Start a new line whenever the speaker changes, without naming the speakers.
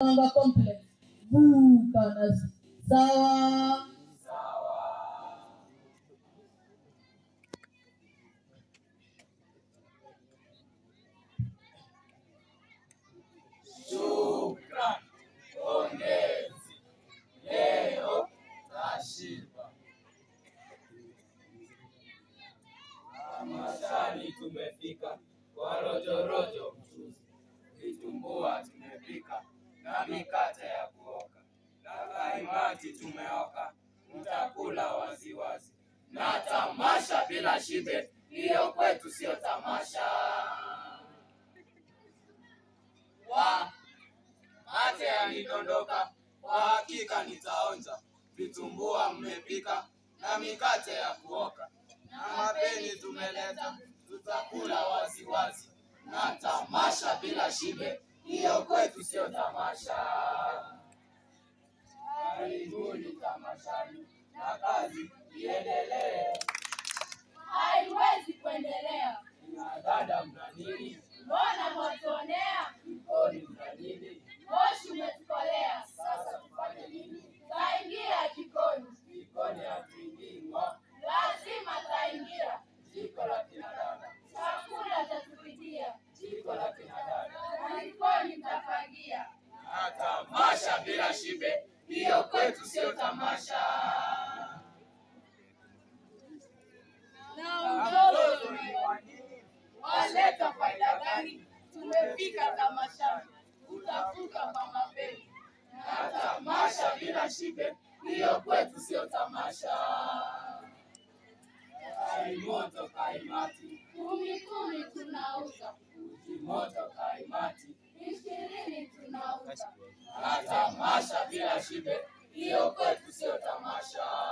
Tanga complex vuka nazi sawa
sawa. Shukran, pongezi, tumefika, mchuzi na mikate ya kuoka na kaimati tumeoka, mtakula waziwazi na tamasha bila shibe. Hiyo kwetu siyo tamasha. Wa mate yanidondoka, kwa hakika nitaonja. Vitumbua mmepika na mikate ya kuoka na mapeni tumeleta, tutakula waziwazi na tamasha bila shibe kwetu sio tamasha. Karibuni tamashani na kazi iendelee. tamasha bila shibe, hiyo kwetu sio tamasha.
Na ujozi Waleta faida gani? Tumefika tamasha utafuka kwa mapeni.
Na tamasha bila shibe, hiyo kwetu sio tamasha. Kaimoto kaimati,
kumi kumi tunauza
ujimoto tamasha bila shibe, niokoe tusio tamasha